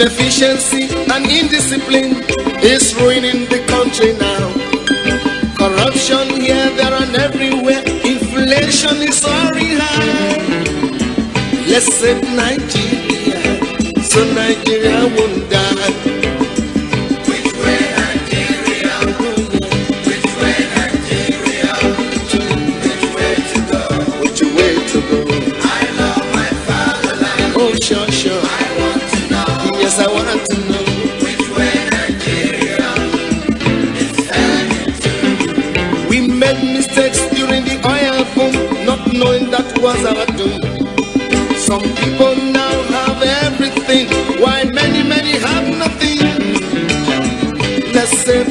Inefficiency and indiscipline is ruining the country now. Corruption here, there, and everywhere. Inflation is very high. Let's save Nigeria so Nigeria won't die. that was our doom. Some people now have everything, while many, many have nothing. Let's say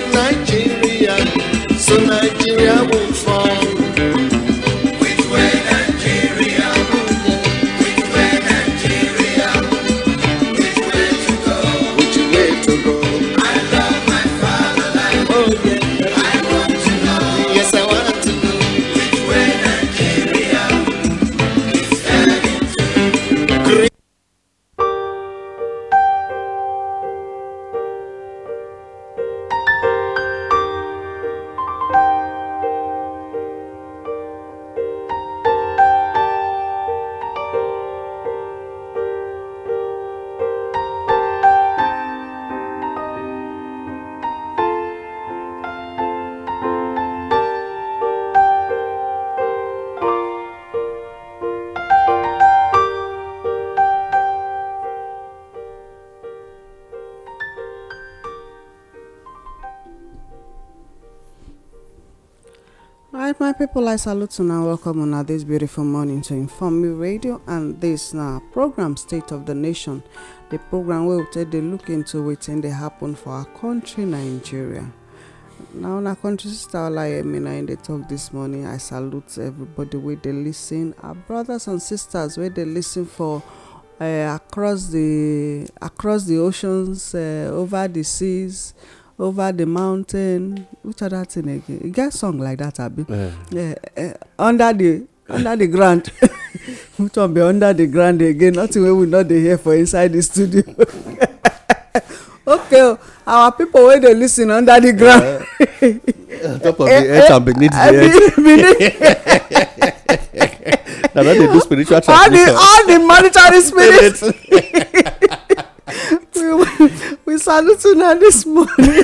alright my people. I salute you now. welcome on this beautiful morning to inform me radio and this na program state of the nation The program wey we take dey look into wetin they happen for our country nigeria na our country sister I am in the talk this morning i salute everybody wey dey listen our brothers and sisters where they listen for eh, across the across the oceans eh, over the seas over the mountain which other thing again e get song like that abi yeah. yeah, uh, eh, under the under the ground which one be under the ground again nothing wey we no dey hear for inside the studio okay oh, our people wey dey lis ten under the ground. Uh, on top of the eh, earth and beneath the earth. na that dey do spiritual transmission. all the all the monetary spirits. we salute now this morning.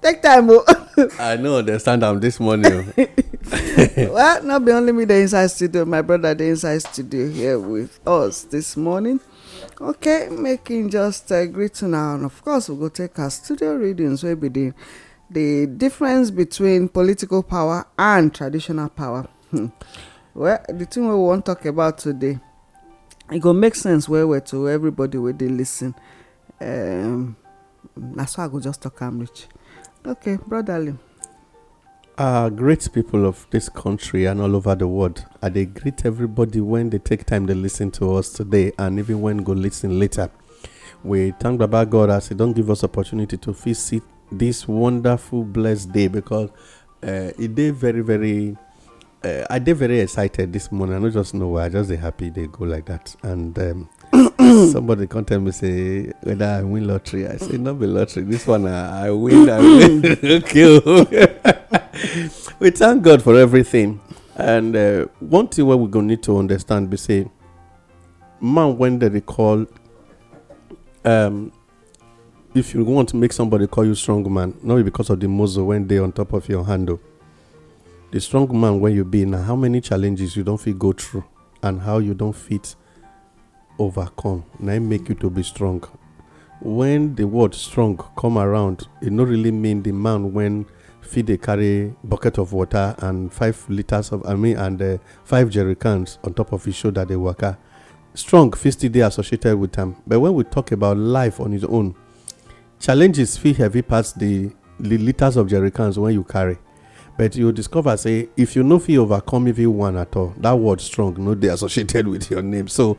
take time o. Oh. i know they understand am this morning oh. well not be only me the inside studio my brother the inside studio here with us this morning okay making just a greet now, and of course we go take our studio readings wey be the the difference between political power and traditional power hmm. well the thing we wan talk about today e go make sense well well to everybody wey dey listen um, na so i go just talk am reach okay brotherly. Uh, great people of this country and all over the world. I they greet everybody when they take time to listen to us today and even when go listen later. We thank Baba God as He don't give us opportunity to visit this wonderful blessed day because uh, eh, it e day very very uh, I did very excited this morning. I don't just know why. I just a happy they go like that. And um, somebody come tell me say whether I win lottery. I say not be lottery. This one I, I win. I win. okay. Oh. we thank God for everything. And uh, one thing what we're gonna need to understand be say, man, when they call, um, if you want to make somebody call you strong man, not because of the muzzle when they on top of your handle. Oh. the strong man wey you be na how many challenges you don fit go through and how you don fit overcome na im make you to be strong when the word strong come around e no really mean the man when fit dey carry bucket of water and five litres of i mean and uh, five jerry cans on top of his shoulder dey waka strong fit still dey associated with am but when we talk about life on its own challenges fit heavy pass the the litres of jerry cans wey you carry but you discover say if you no fee overcome you one at all that word strong no dey associated with your name so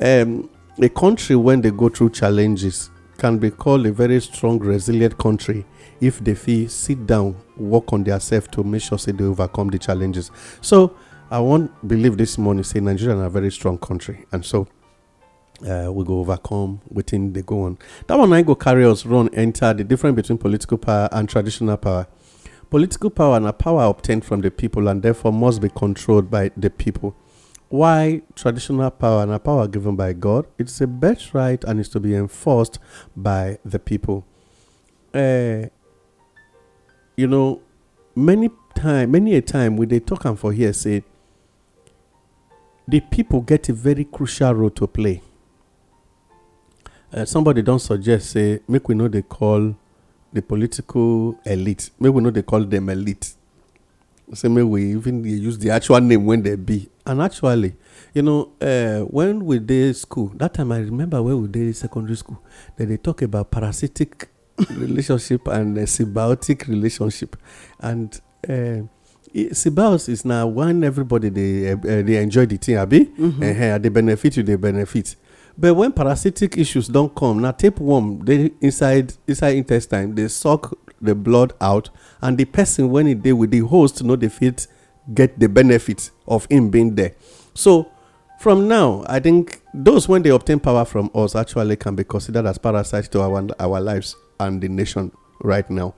um, a country when they go through challenges can be called a very strong resilient country if they fee sit down work on self to make sure say they overcome the challenges so i won't believe this morning say nigeria a very strong country and so uh, we go overcome within the go on. That one I go carry us run enter the difference between political power and traditional power. Political power and a power obtained from the people and therefore must be controlled by the people. Why traditional power and a power given by God? It's a birthright and is to be enforced by the people. Uh, you know, many time, many a time when they talk and for here say the people get a very crucial role to play. Uh, somebody don't suggest say make we know they call the political elite make we no dey call them elite say make we even dey use the actual name when they be and actually you know uh, when we dey school that time i remember when we dey secondary school dem dey talk about parasitic relationship and uh, symbiotic relationship and uh, symbiosis na when everybody dey uh, eh, dey enjoy the thing abi mm -hmm. uh, -huh, dey benefit you dey benefit but when parasitic issues don't come now tapeworm they inside inside intestine they suck the blood out and the person when e deal with the host no they fit get the benefit of him being there so from now i think those when they obtain power from us actually can be considered as parasites to our our lives and the nation right now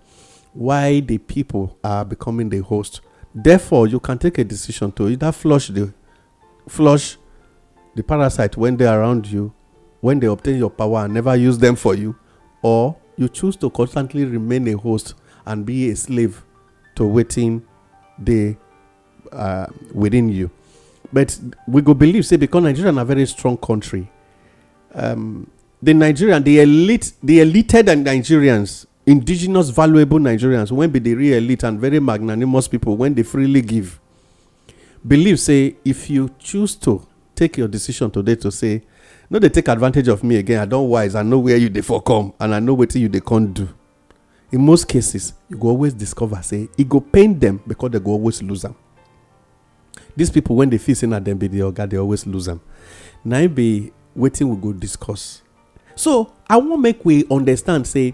why the people are becoming the host therefore you can take a decision to either flush the flush the parasite when they're around you, when they obtain your power and never use them for you, or you choose to constantly remain a host and be a slave to waiting they uh, within you. But we go believe, say, because Nigeria is a very strong country. Um, the Nigerian, the elite, the elited and Nigerians, indigenous valuable Nigerians, when be the real elite and very magnanimous people, when they freely give, believe, say, if you choose to take your decision today to say no dey take advantage of me again i don wise i know where you dey for come and i know wetin you dey come do in most cases you go always discover say e go pain dem because dem go always lose am these people when dey feel say na dem be the oga dey always lose am na im be wetin we go discuss so i wan make we understand say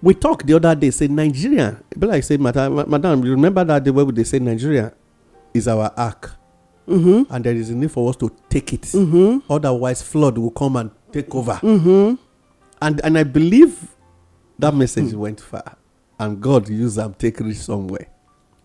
we talk the other day say nigeria be like say madam you remember that day wey we dey say nigeria is our arc mm-hmm. and there is a need for us to take it. Mm-hmm. Otherwise, flood will come and take over. Mm-hmm. And and I believe that mm-hmm. message went far, and God used them take reach somewhere.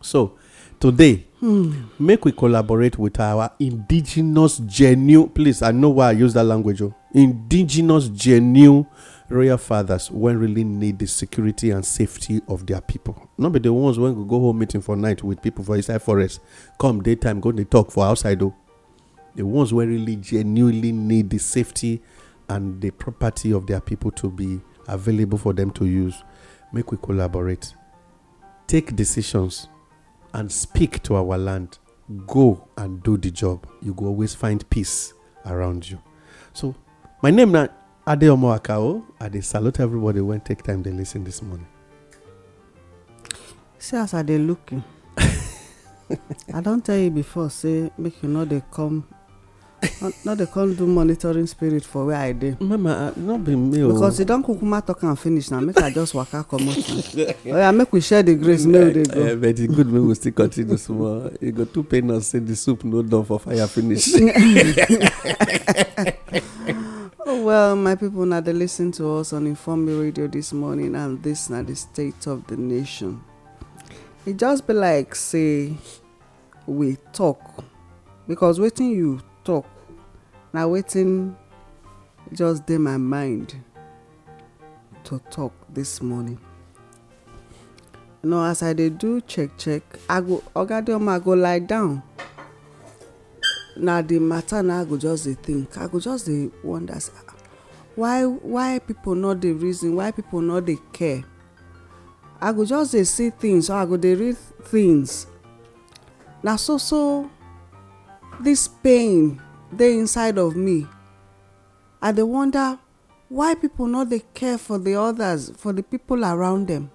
So today, hmm. make we collaborate with our indigenous genuine. Please, I know why I use that language. Oh, indigenous genuine royal fathers when really need the security and safety of their people. Not be the ones when we go home meeting for night with people for inside forest, come daytime, go they talk for outside though. The ones when really genuinely need the safety and the property of their people to be available for them to use. Make we collaborate. Take decisions and speak to our land. Go and do the job. You will always find peace around you. So my name now Adeomo Akao, I they salute everybody when take time they listen this morning. See as I they look you. I don't tell you before, say make you know they come not dey come do monitoring spirit for where i dey. mama uh, no be me o. Oh. because you don kukuma talk am finish na make i just waka comot now oya oh, make we share the grace make we dey go. Uh, but e good make we still continue small e go too pain us say the soup no done for fire finish. well my people, now they listen to us on informe radio this morning and this now the state of the nation It just be like say we talk because waiting you talk Now waiting, just dey my mind to talk this morning you know as i dey do check check i go oga i go lie down Now the matter na i go just dey think i go just dey wonder why why people no dey reason why people no dey care i go just dey see things or i go dey read things na so so this pain dey inside of me i dey wonder why people no dey care for the others for the people around them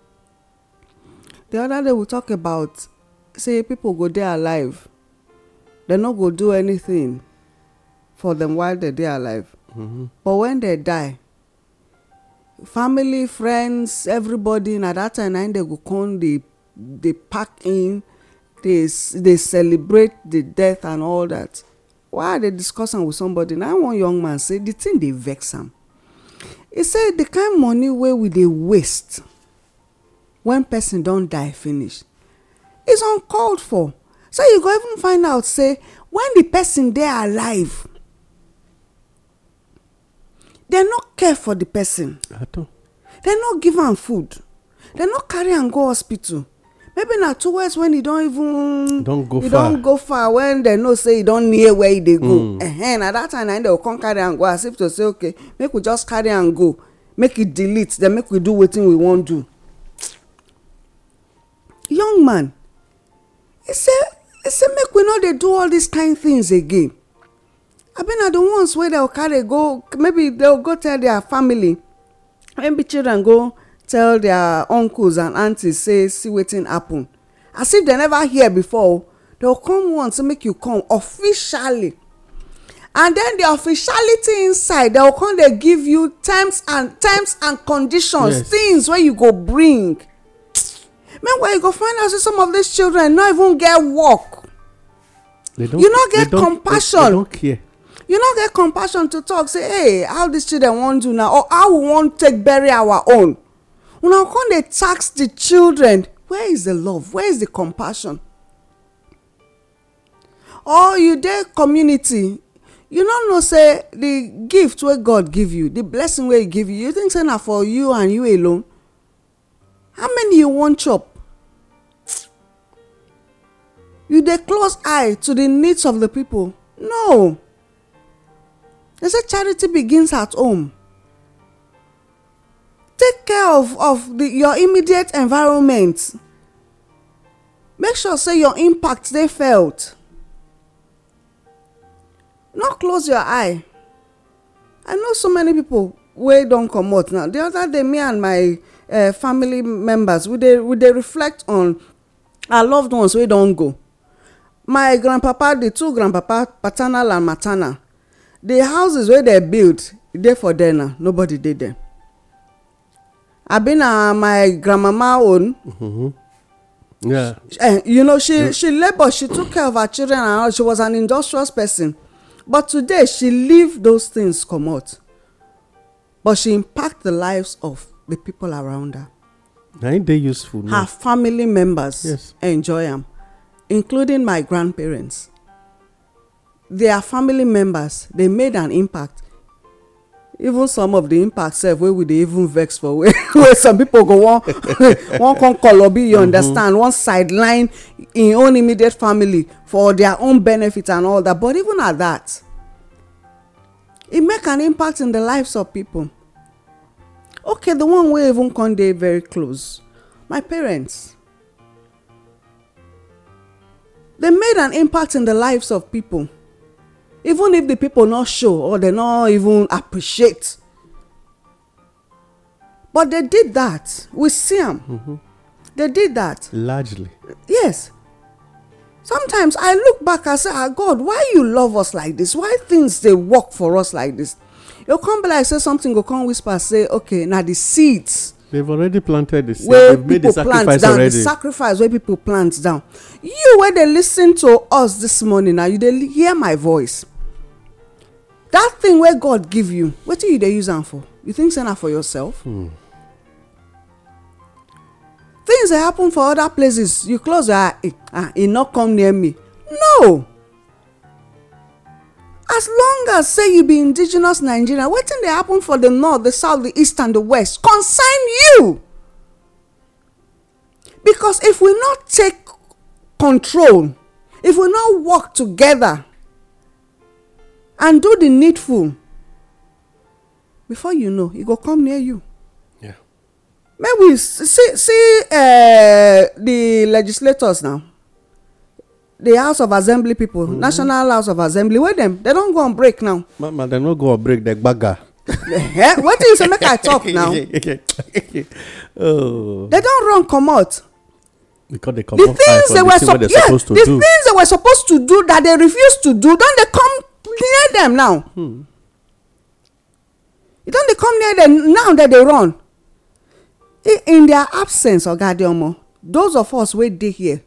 the other day we talk about say people go dey alive They no go do anything for them while they dey alive but when they die family friends everybody na that time na they dem go come dey pack in dey celebrate the death and all that Why i dey discuss am with somebody na one young man say the thing dey vex am He say the kind money wey we dey waste when person don die finish is uncalled for so you go even find out say when the person dey alive dem no care for the person dem no give am food dem no carry am go hospital maybe na towards when e don even go e far. don go far when dem know say e don near where e dey go mm. ehn na that time na dem go come carry am go as if to say okay make we just carry am go make e delete then make we do wetin we wan do young man e say e say make we no dey do all these kind things again abi na the ones wey dem carry go maybe dem go tell their family maybe children go tell their uncles and aunties say see wetin happen as if dem never hear before dem come want say make you come officially and then the officiality inside dem come dey give you terms and terms and conditions yes. things wey you go bring meanwhile you go find out say some of these children no even get work you no get compassion they, they you no get compassion to talk say hey how dis children wan do now or how we wan take bury our own una come dey tax di children where is the love where is the compassion or you dey community you no know say the gift wey god give you the blessing wey he give you you think say na for you and you alone how many you wan chop you dey close eye to the needs of the people. no They say charity begins at home. Take care of, of the, your immediate environment. Make sure say your impact they felt. Not close your eye. I know so many people wey don comot now the other day me and my uh, family members we dey we dey reflect on our loved ones wey don go my grandpapa the two grandpapa paternal and maternal the houses wey dem build e dey for there now nobody dey there abi na my grandmama own mm-hmm. yeah eh, you know she she labour she took care of her children and all she was an industrious person but today she leave those things comot but she impact the lives of the people around her na im dey useful her family members enjoy am including my grandparents their family members They made an impact even some of the impact sef wey we dey even vex for wey some people go wan wan come kolobi you mhm. understand wan sideline im own immediate family for their own benefit and all that but even at that e make an impact in the lives of people okay the one wey even come dey very close my parents they made an impact in the lives of people even if the people not show or they not even appreciate but they did that we see them. mm -hmm. they did that largely yes sometimes i look back and say ah god why you love us like this why things they work for us like this you come be like say something go come whisper say okay now the seeds they've already planted the seed wey people the plant down already. the sacrifice Where people plant down you when they listen to us this morning Now you dey hear my voice that thing wey god give you wetin you dey use am for you think say na for yourself hmm. things dey happen for other places you close your eye eh, ah, e no come near me no as long as say you be indigenous nigeria wetin dey happen for the north the south the east and the west concern you because if we not take control if we not work together and do the needful before you know he go come near you Yeah. May we see see eh, the legislators now the house of assembly people mm-hmm. national house of assembly wey dem dem don go on break now mama dem no go on break dem gbaga wetin you say make i talk now dem oh. don run comot because they comot eye for the thing wey dem supposed to do the things dem were supposed to do that they refuse to do don dey come near them now e don dey come near them now that they run in their absence oga adeomo those of us wait day here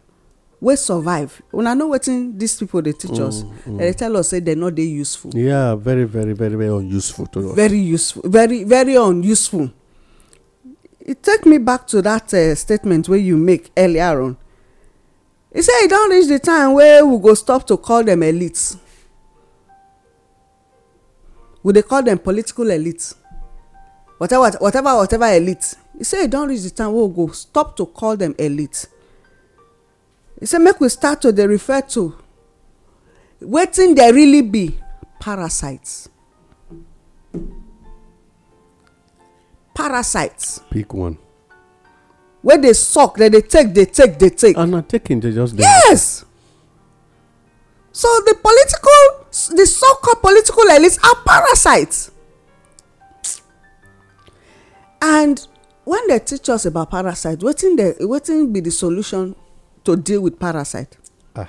wey survive When I know wetin these people, dey teach us dem mm, dey mm. tell us say dem no dey useful yeah very very very very unuseful to us very useful very very unuseful It take me back to dat uh, statement where you make earlier on He say e don't reach the time where we go stop to call them elites we dey call dem political elite whatever whatever whatever elite e say e don reach the time wey we go stop to call dem elite e say make we start to dey refer to wetin dey really be parasites parasites pick one wey dey suck dem dey take dey take dey take and na taking dey just dey yes so the political the so-called political elites are parasites and when they teach us about parasites wetin wetin be the solution to deal with parasite. ah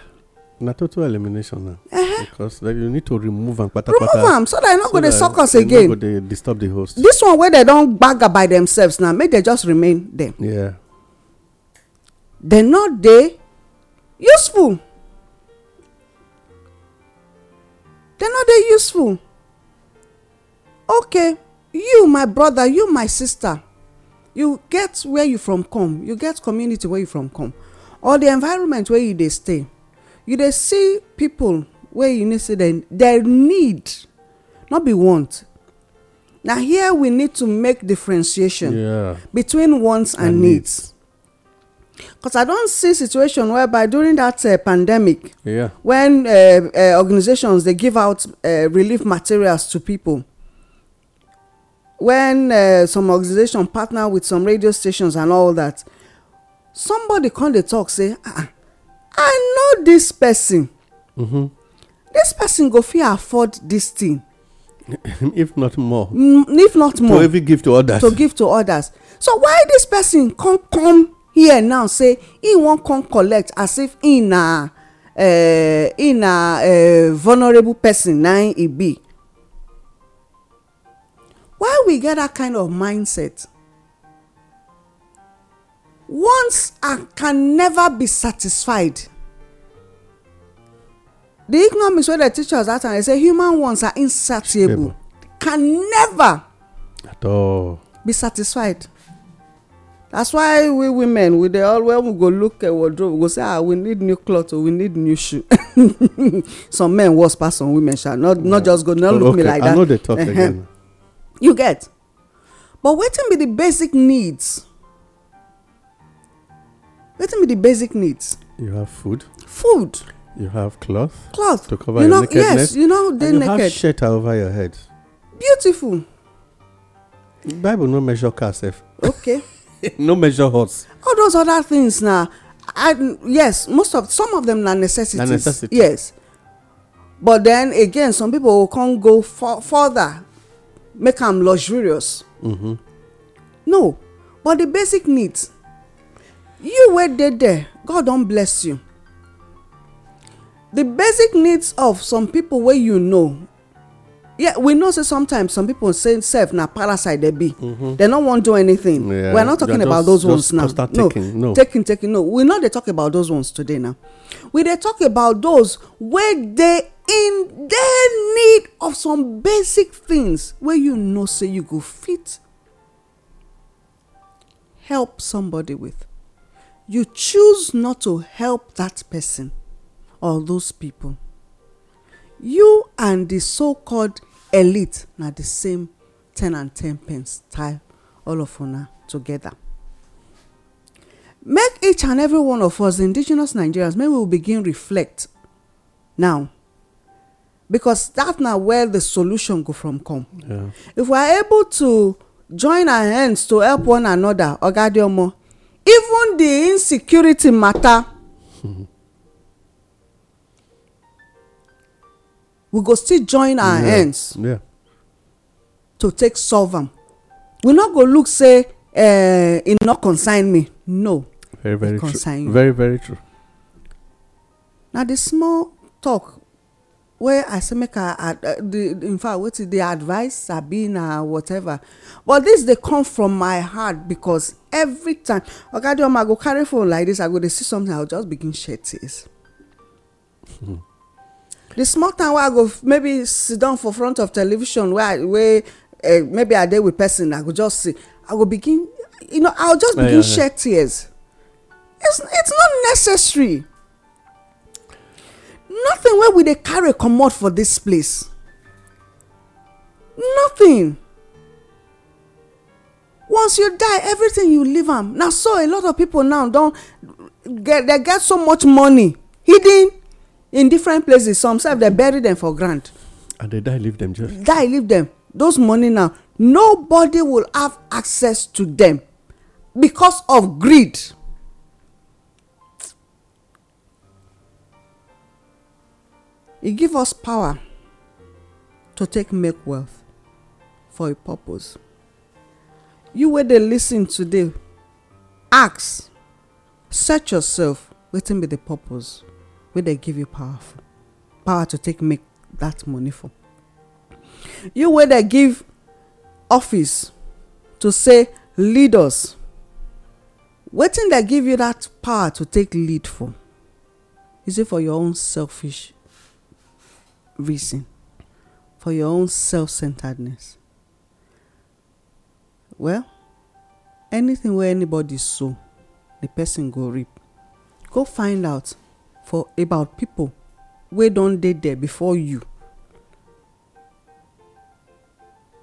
na total elimination now, Uh -huh. because you need to remove them, patapata. remove them so they're not no so go dey suck us again. so that e disturb the host. this one where they don't gbaga by themselves now may they just remain there? Yeah. they're not dey useful. dem no dey useful okay you my brother you my sister you get where you from come you get community where you from come or the environment where you dey stay you dey see people wey you need say dem need not be want na here we need to make differentiation between wants and needs because i don see situation whereby during that uh, pandemic yeah. when uh, uh, organizations dey give out uh, relief materials to people when uh, some organization partner with some radio stations and all that somebody come dey talk say ah, ah i know this person mm -hmm. this person go fit afford this thing if not more mm, if not more to even give to others to give to others so why this person come come here now say he wan come collect as if he na eh, he na eh, vulnerable person na e be why we get that kind of mindset once i can never be satisfied the economics wey dem teach us that time dey say human wants are insatiable can never at all be satisfied that's why we women we dey always we go look at wardrobe we go say ah we need new cloth or we need new shoe some men worse pass some women sha not not just go not look me like that i no dey talk again you get but wetin be the basic needs wetin be the basic needs you have food food you have cloth cloth to cover your nakedness yes you know and you have shelter over your head beautiful bible no measure car sef eh? okay. no measure horse. all those other things na i yes most of some of them na necessities na necessity yes but then again some people go go further make am luxurious mm-hmm. no but the basic needs you wey dey there god don bless you the basic needs of some people wey you know yeah we know say sometimes some people say self na parasite dey be mm-hmm. they no wan do anything we are not talking about those ones now no taking taking no we no dey talk about those ones today now we dey talk about those wey dey in dey need of some basic things wey you know say you go fit help somebody with you choose not to help that person or those people you and the so-called elite na the same ten and ten pence tie all of una together make each and every one of us indigenous nigerians May we begin reflect now because that na where the solution go from come yeah. if we are able to join our hands to help one another oga adeomo even the insecurity matter we go still join our hands to take solve am we no go look say eh, e no consign me no very very e true very very true na the small talk wey i say make i eh, in fact wetin the advice sabi na whatever but this dey come from my heart because every time oga i go carry phone like this? i go dey see something i go just begin share tears hmm the small town wey i go maybe sit down for front of television wey eh, maybe i dey with person i go just see i go begin you know i'll just oh, begin shed tears it's it's not necessary nothing wey we dey carry comot for this place nothing once you die everything you leave am na so a lot of people now don get so much money hidden in different places some sef dem bury dem for ground. and they die leave them just. die leave them. those money now nobody will have access to them because of greed. e give us power to take make wealth for a purpose you wey dey lis ten today ask search yourself wetin be the purpose wey they give you power for power to take make that money for you wey they give office to say leaders? us wetin they give you that power to take lead for is it for your own selfish reason for your own self-centeredness well anything where anybody sow the person go reap go find out for about where wey don dey there before you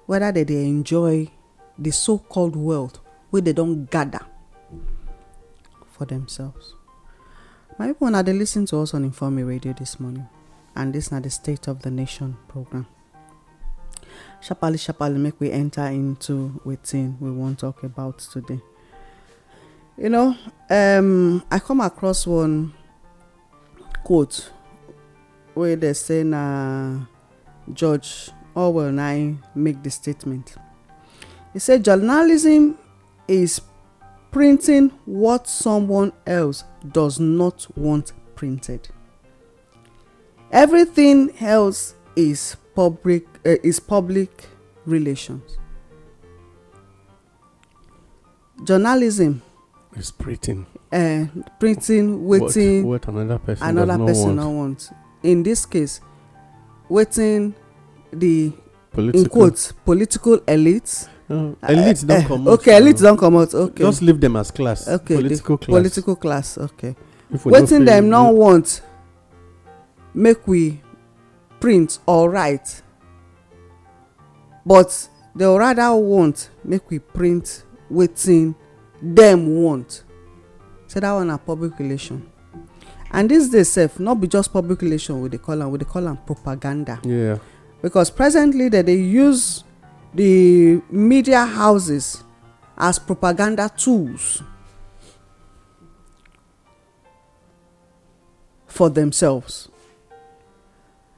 whether they? dey enjoy the so called wealth wey do don gather for themselves. my people una dey lis ten to us on informe radio this morning and this na the state of the nation program. sharparly sharparly make we enter into wetin we wan talk about today you know um i come across one quote wey dey say na george orwell na im make the statement e say journalism is printing what someone else does not want printed everything else is public uh, is public relations journalism is printing uh, printing waiting what, what another person, another person not want. in this case waiting the political. in quotes political elites. Uh, elite don uh, eh, eh, comot. okay don't come out. okay. just leave them as class. okay political class political class okay. wetin dem no want make we print or write but dem rather want make we print waiting. Them want So that one na public relation and this days sef not be just public relation with the call with the dey call propaganda yeah because presently they they use the media houses as propaganda tools for themselves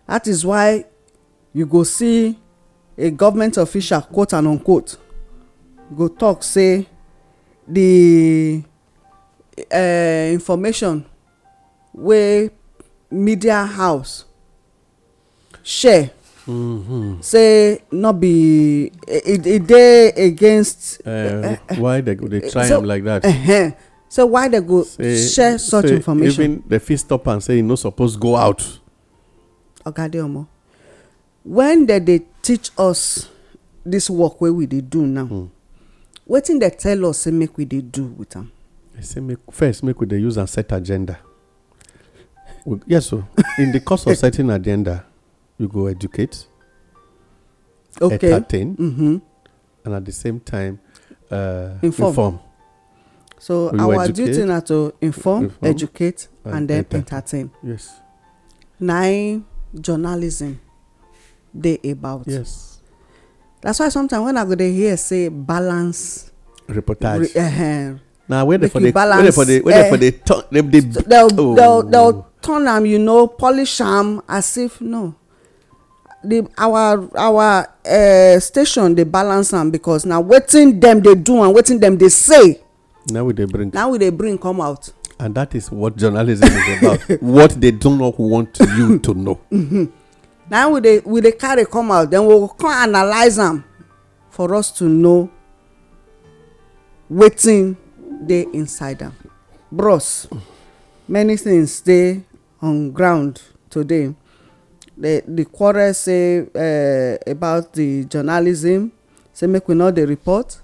that is why you go see a government official quote and unquote go talk say the Eh, information wey media house share mm-hmm. say not be e eh, dey against eh, why they go dey try am like that. -huh. so why they go share such information even the fit stop am say e no suppose go out omo when dem dey teach us this work wey we dey do now hmm. wetin dem tell us say make we dey do with am say make first make we dey use and set agenda yes so in the course of setting agenda you go educate okay. entertain mm-hmm. and at the same time uh, inform. inform. So we our educate, duty na to inform, inform, educate, and, and then enter. entertain. Yes. Nine journalism they about. Yes. That's why sometimes when I go to hear say balance reportage, re, uh, Now wait for the balance, wait for the wait uh, for eh. the turn they, they, they'll, oh. they'll they'll turn them, you know polish them as if no. The our our uh, station they balance them because now waiting them, they do and waiting them, they say. Now we they bring. Now we they bring come out. And that is what journalism is about. What they do not want you to know. Mm-hmm. Now we they we they carry come out then we'll come analyze them, for us to know Waiting dey inside am bros many things dey on ground today the the quarrel say eh, about the journalism say make we not dey report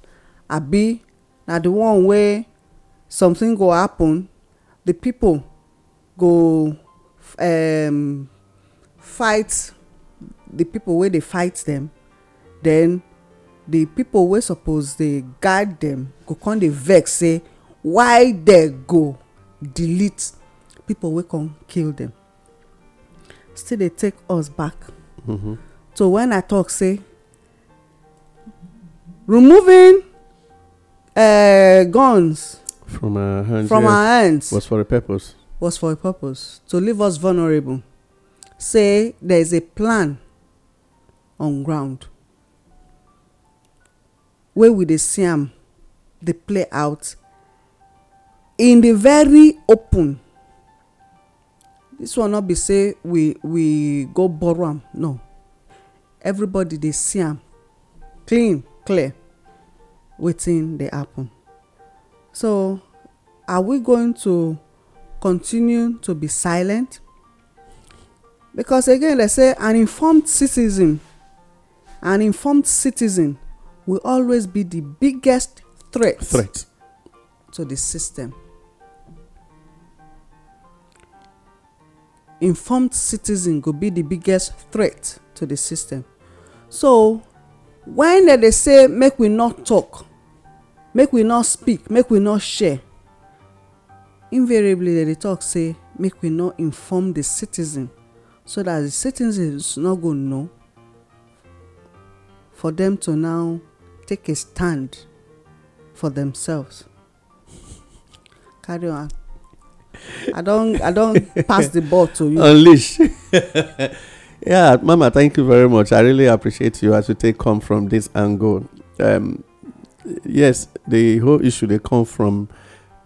abi na the one wey something go happen the people go um, fight the people wey dey fight them then the people wey suppose dey guide dem go come dey vex say why dem go delete people wey come kill dem still dey take us back mm-hmm. so when i talk say removing eh, guns from our hands was for a purpose was for a purpose to leave us vulnerable say there is a plan on ground wey we dey see am dey play out in the very open this one no be say we we go borrow am no everybody dey see am clean clear wetin dey happen so are we going to continue to be silent because again they say an informed citizen an informed citizen will always be the biggest threat, threat. to the system. Informed citizen go be the biggest threat to the system. So when they say make we not talk, make we not speak, make we not share, invariably they talk say make we not inform the citizen so that the citizens no go know for them to now take a stand for themselves carry on i don't. i don't pass the ball to you unleash yeah mama thank you very much i really appreciate you as you take come from this angle um, yes the whole issue they come from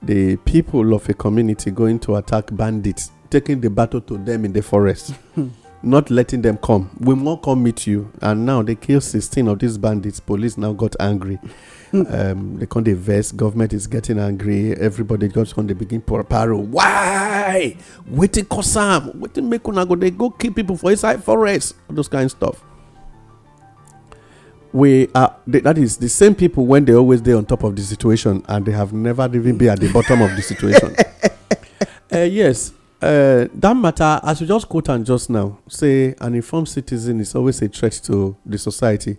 the people of a community going to attack bandits taking the battle to them in the forest not letting them come. We won't come meet you. And now they kill 16 of these bandits. Police now got angry. um, they can't vex. Government is getting angry. Everybody just when they begin pour paro. Why? Waiting Kosam. Waiting make una go. They go kill people for inside forest. All those kind of stuff. We are that is the same people when they always they on top of the situation and they have never even been at the bottom of the situation. uh, yes, Uh, that matter as you just quote and just now say an informed citizen is always a threat to the society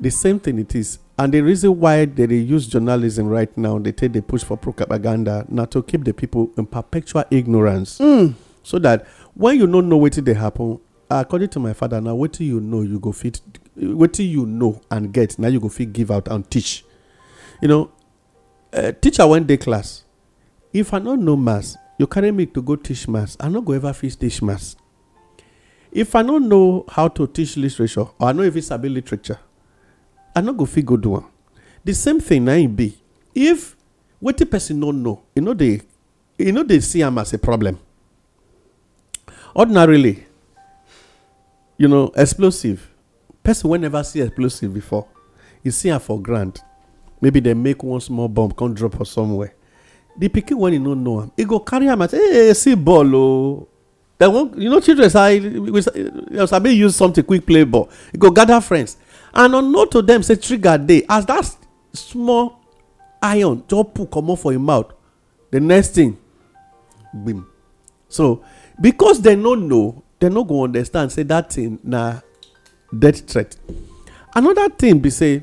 the same thing it is and the reason why they dey use journalism right now they take the push for propaganda na to keep the people in perpetual ignorance mm. so that when you don't know what they happen according to my father na wetin you know you go fit wetin you know and get now you go fit give out and teach you know uh, teacher went day class if i don't know maths you carry me to go teach mass i no go ever fit teach mass if i no know how to teach literature or i no even sabi literature i no go fit go do am the same thing na im be if wetin person no know e no dey e no dey see am as a problem ordinarily you know explosive person wey never see explosive before e see am for ground maybe dem make one small bomb come drop for somewhere the pikin when e no know am e go carry am and say hey see ball o dem wan you know children say you sabi use something quick play ball e go gather friends and unknown to dem say trigger dey as that small iron just pull comot for im mouth the next thing gbim so because dem no know dem no go understand say dat thing na death threat another thing be say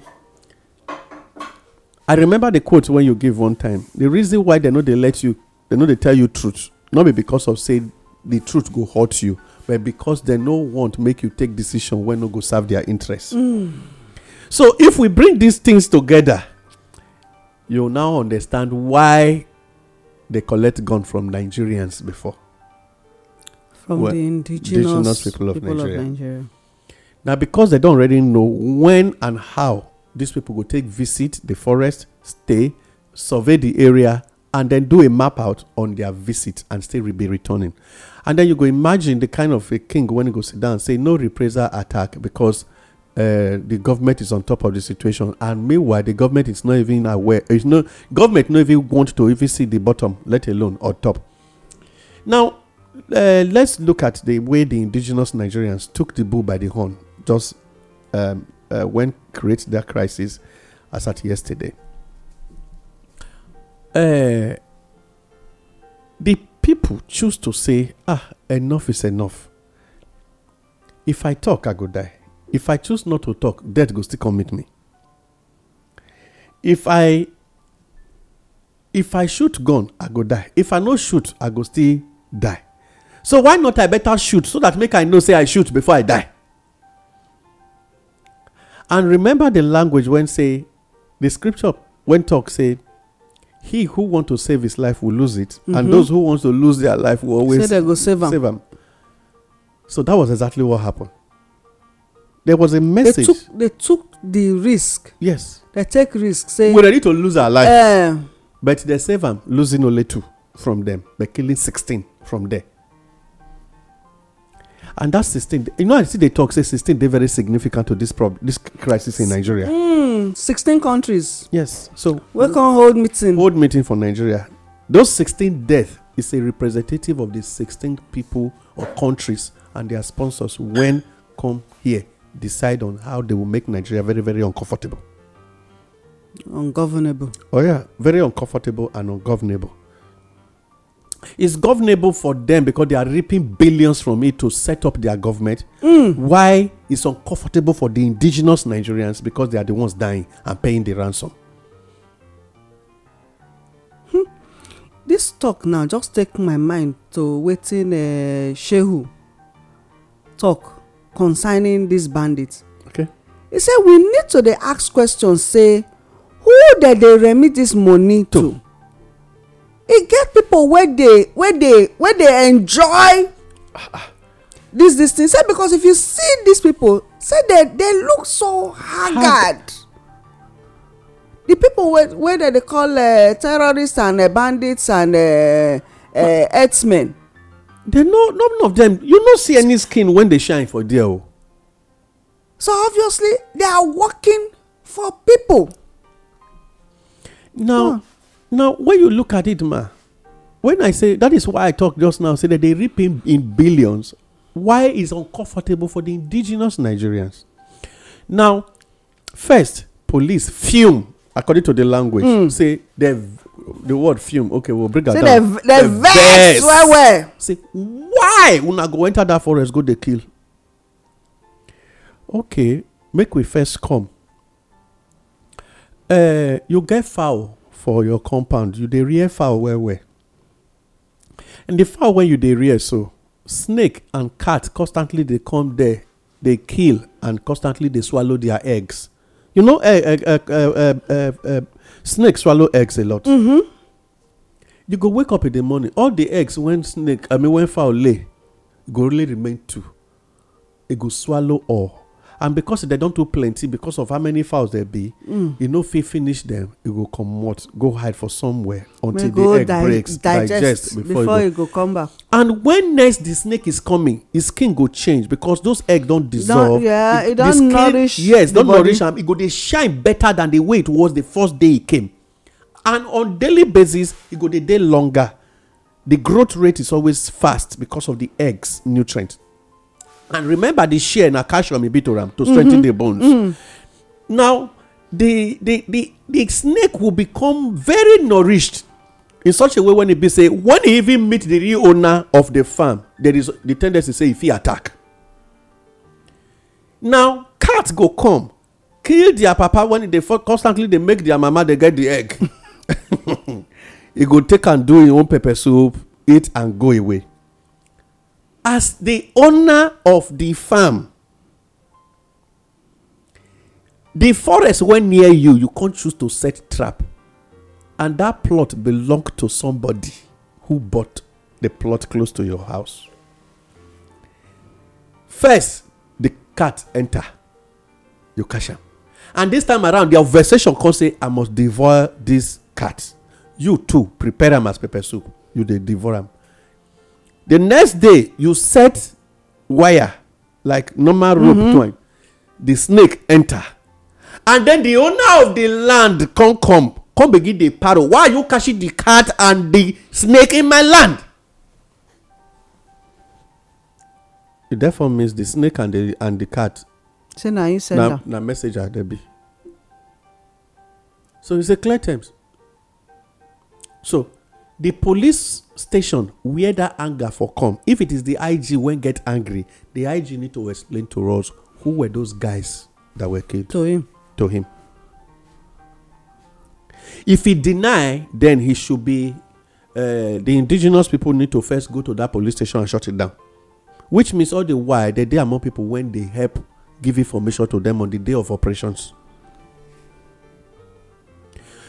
I remember the quote when you give one time. The reason why they know they let you, they know they tell you truth, not be because of saying the truth go hurt you, but because they no want make you take decision when no go serve their interest. Mm. So if we bring these things together, you now understand why they collect gun from Nigerians before. From well, the indigenous, indigenous people, of, people Nigeria. of Nigeria. Now, because they don't really know when and how these people will take visit the forest, stay, survey the area, and then do a map out on their visit and still be returning. And then you go imagine the kind of a king when he goes sit down say no reprisal attack because uh, the government is on top of the situation, and meanwhile the government is not even aware. It's no government not even want to even see the bottom, let alone or top. Now uh, let's look at the way the indigenous Nigerians took the bull by the horn just um, uh, when creates that crisis as at yesterday? Uh, the people choose to say, ah, enough is enough. If I talk, I go die. If I choose not to talk, death will still commit me. If I if I shoot gun, I go die. If I no shoot, I go still die. So why not I better shoot so that make I know say I shoot before I die? And remember the language when say the scripture when talk say he who want to save his life will lose it, mm-hmm. and those who want to lose their life will always say they go save them. Save So that was exactly what happened. There was a message. They took, they took the risk. Yes. They take risk. Say we're ready to lose our life, uh, but they save them, losing only two from them. They're killing sixteen from there and that's 16 you know i see they talk say 16 they're very significant to this problem this crisis in nigeria mm, 16 countries yes so welcome hold meeting hold meeting for nigeria those 16 deaths is a representative of the 16 people or countries and their sponsors when come here decide on how they will make nigeria very very uncomfortable ungovernable oh yeah very uncomfortable and ungovernable it's governable for them because they are reaping billions from it to set up their government. Mm. Why is uncomfortable for the indigenous Nigerians because they are the ones dying and paying the ransom. Hmm. This talk now just take my mind to waiting uh, Shehu talk concerning these bandits. Okay. He said we need to They ask questions say who did they remit this money to. to e get pipo wey dey enjoy dis dis thing say because if you see dis pipo say they look so haggard The people wey dem dey call eh, terrorists and eh, bandits and eh, herdsmen dem no none of dem you no see any skin wen dey shine for there o oh. so obviously they are working for people. now now when you look at it ma when i say that is why i talk just now say that they reap in, in billions why is uncomfortable for the indigenous nigerians now first police fume according to the language mm. say the the word fume okay we'll break that say down the, the, the vex Where where? say why una go enter that forest go they kill okay make we first come uh, you get foul for your compound you dey rear fowl well well and the fowl wey you dey rear so snake and cat constantly dey come there dey kill and constantly dey swallow their eggs you know eh, eh, eh, snake swallow eggs a lot mm-hmm. you go wake up in the morning all the eggs when snake i mean when fowl lay e go only remain two e go swallow all and because they don too plenty because of how many fowls there be e no fit finish them, you go comot go hide for somewhere until the egg breaks digest before you go come back and when next the snake is coming his skin go change because those egg don dissolve yeah it don nourish yes don nourish am e go dey shine better than the way it was the first day e came and on daily basis e go dey dey longer the growth rate is always fast because of the eggs nutrient and remember the share na calcium bitter am to strengthen mm-hmm. the bones mm. now the the the the snake will become very nourished in such a way when e be say when e even meet the real owner of the farm there is the tendency say e fit attack now cat go come kill their papa when e dey constantly dey make their mama dey get the egg e go take am do im own pepper soup eat and go away as the owner of the farm the forest wey near you you con choose to set trap and that plot belong to somebody who bought the plot close to your house first the cat enter you catch am and this time around the conversation come say i must devour this cat you too prepare am as pepper soup you dey devour am the next day you set wire like normal rope mm -hmm. twine the snake enter and then the owner of the land come come come begin dey paro why you catching the cat and the snake in my land it therefore means the snake and the and the cat say na you send am na messenger dem be so it's a clear terms so the police station where that anger for come if it is the ig when get angry the ig need to explain to us who were those guys that were killed to him to him if he deny then he should be uh, the indigenous people need to first go to that police station and shut it down which means all the while the dey among people when they help give information to them on the day of operations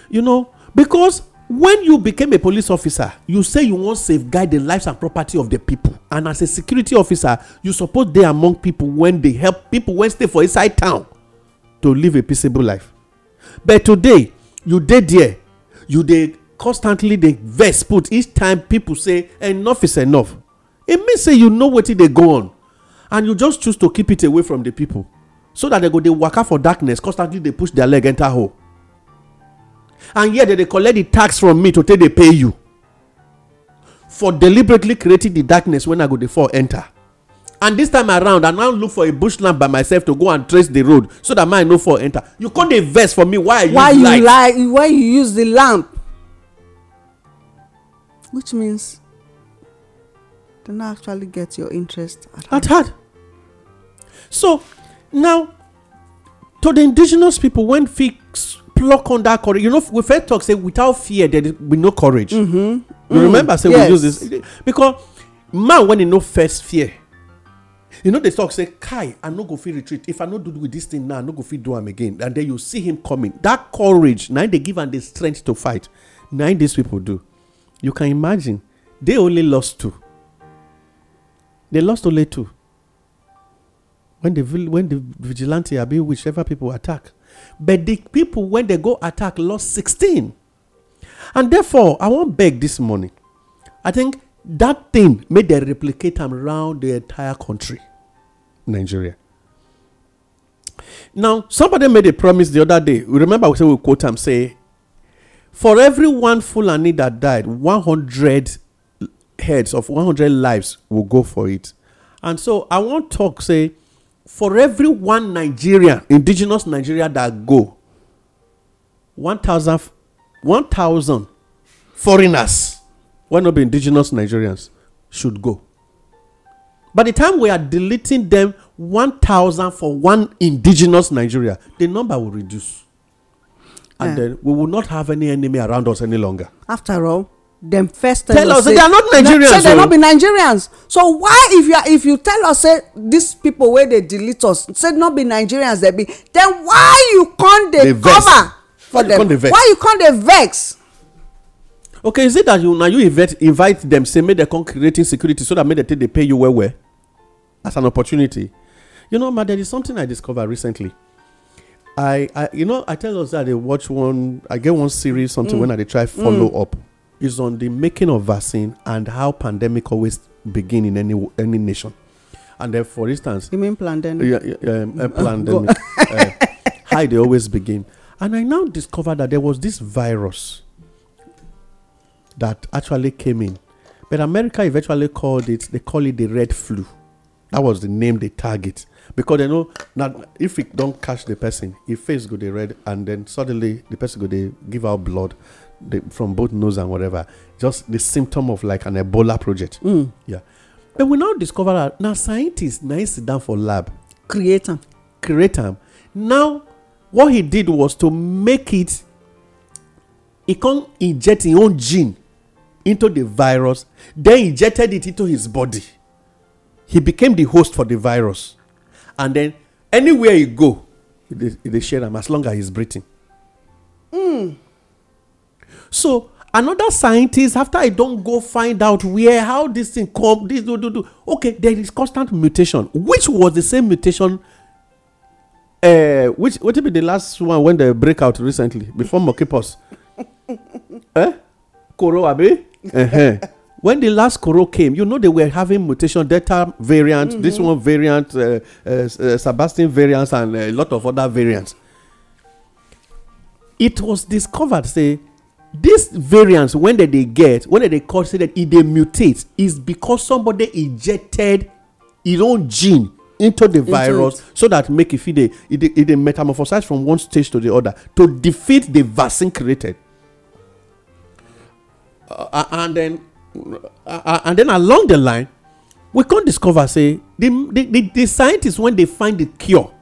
you know because when you became a police officer you say you wan safeguard the lives and property of the people and as a security officer you suppose dey among people when dey help people wey stay for inside town to live a peaceable life but today you dey there you dey constantly dey vex put each time people say enough is enough e mean say you know wetin dey go on and you just choose to keep it away from the people so that they go dey waka for darkness constantly dey push their leg enter hole and yet they collect the tax from me to take dey pay you for deliberately creating the darkness when i go dey fall enter and this time around i now look for a bush lamp by myself to go and trace the road so that mine no fall enter you come dey verse for me why i use why light you lie why you use the lamp which means they no actually get your interest at heart at heart so now to the indigenous people when fit pluck on that courage you know we first talk say without fear there be no courage mm-hmm. you mm-hmm. remember say we use this because man when he no first fear you know they talk say kai i no go fit retreat if i no do with this thing now i no go fit do am again and then you see him coming that courage na they give and the strength to fight Nine these people do you can imagine they only lost two they lost only two when the when the vigilante be whichever people attack But the people, when they go attack, lost 16. And therefore, I won't beg this morning. I think that thing made them replicate them around the entire country, Nigeria. Now, somebody made a promise the other day. We Remember, we say we quote him say, For every one Fulani that died, 100 heads of 100 lives will go for it. And so I want talk, say, for every one nigerian indigenous nigeria that go one thousand, one thousand foreigners wey no be indigenous nigerians should go by the time we are deleting them one thousand for one indigenous nigeria the number will reduce and yeah. then we will not have any enemy around us any longer after all dem first tell us say they are not nigerians say dem oh. no be nigerians so why if you are, if you tell us say dis people wey dey delete us say no be nigerians dem be then why you con dey cover for dem why you con dey vex okay is it that you na you invite invite dem say make dem come create insecurity so that make dem take dey pay you well well as an opportunity you know ma there is something i discover recently i i you know i tell us that i watch one i get one series something mm. when i dey try follow mm. up is on the making of vaccine and how pandemic always begin in any any nation. And then, for instance, you mean pandemic? Yeah, yeah, um, uh, pandemic. uh, how they always begin. And I now discovered that there was this virus that actually came in, but America eventually called it. They call it the red flu. That was the name they target because they know that if it don't catch the person, it face go the red, and then suddenly the person go they give out blood the, from both nose and whatever. Just the symptom of like an Ebola project. Mm. Yeah. But we now discover that now scientists now sit down for lab. creator creator. Now, what he did was to make it, he can inject his own gene into the virus, then injected it into his body. He became the host for the virus. And then anywhere you go, they, they share them as long as he's breathing. Mm. so another scientist after i don go find out where how this thing come this do do do okay there is constant mutation which was the same mutation uh, which wetin be the last one when dey break out recently before monkeypox eh koro abi uh-huh. when the last koro came you know they were having mutation delta variant mm-hmm. this one variant uh, uh, uh, sebastian variants and a lot of other variants it was discovered say this variance when they, they get when they, they cause it e dey mutate is because somebody ejected his own gene into the virus it. so that make e fit dey e dey metamorphosize from one stage to the other to defeat the vaccine created uh, and then uh, and then along the line we come discover say the the the, the scientists when they find the cure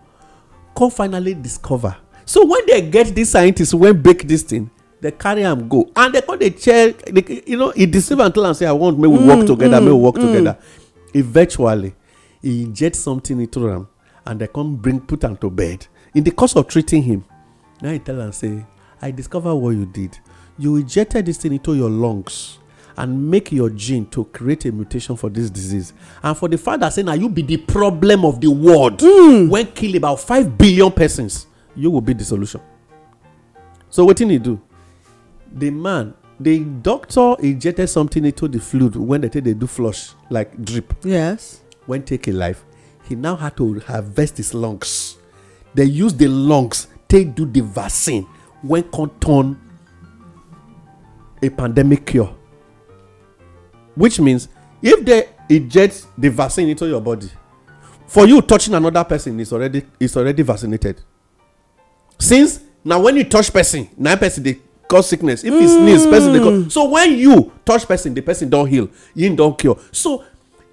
come finally discover so when they get these scientists when bake this thing they carry am go and they come dey check you know he deceive am tell am say i want make we work mm, together make we mm, work mm. together eventually he inject something into am and they come bring put am to bed in the course of treating him now he tell am say i discover what you did you injected this thing into your lungs and make your gene to create a mutation for this disease and for the fact that say na you be the problem of the world mm. wey kill about five billion persons you go be the solution so wetin he do the man the doctor injected something into the fluid when they take they do flush like drip. Yes. When taking life, he now had to harvest his lungs. They use the lungs take do the vaccine when can turn a pandemic cure. Which means if they inject the vaccine into your body, for you touching another person is already is already vaccinated. Since now when you touch person, nine person they cause sickness if he sneeze hmm. person dey cause so when you touch person the person don heal him don cure so